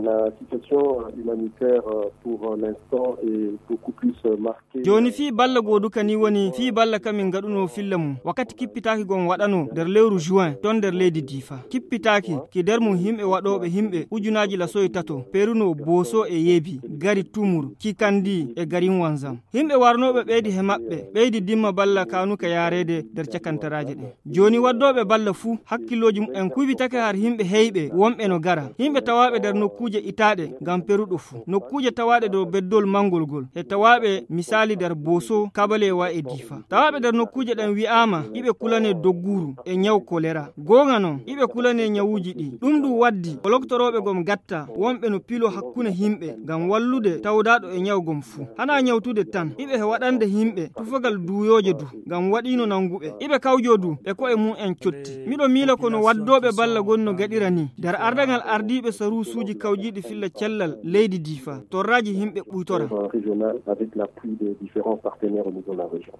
la situation humanitaire euh, pour l'instant est beaucoup plus euh, marqué joni fi balla goodu kani woni fi balla kamin gaɗuno filla mum wakkati kippitaki gon waɗano nder lewru juin ton nder leydi difa kippitaki ki nder mum himɓe waɗoɓe himɓe ujunaji lasoye tato peruno boso e yeebi gari tumur kikandi e garin wanzam himɓe warnoɓe ɓeydi he maɓɓe ɓeydi dimma balla kanuka yarede nder cakantaraji ɗe joni waddoɓe balla fuu hakkilloji mumen kuɓitake har himɓe heyɓe wonɓe no gara himɓe tawaɓe nder nokku nokkuje itaɗe ngam peruɗo fuu nokkuje tawaɗe dow beddol mangol ngol e tawaɓe misali nder boso kabalewa e difa tawaɓe nder nokkuje ɗen wi'ama iɓe kulane dogguru e nyawu kolera gonga noon iɓe kulane nyawuji ɗi ɗum ɗum waddi holoktoroɓe gom gatta wonɓe no pilo hakkunde himɓe ngam wallude tawdaɗo e nyawgom fuu hana nyawtude tan iɓe e waɗande himɓe tufagal duyoje du ngam waɗino nanguɓe iɓe kawjo du e koye mum en cotti miɗo miila kono waddoɓe balla goni gaɗira ni nder ardagal ardiɓe sarusuji kaw avec la régional avec l'appui des différents partenaires au niveau de la région.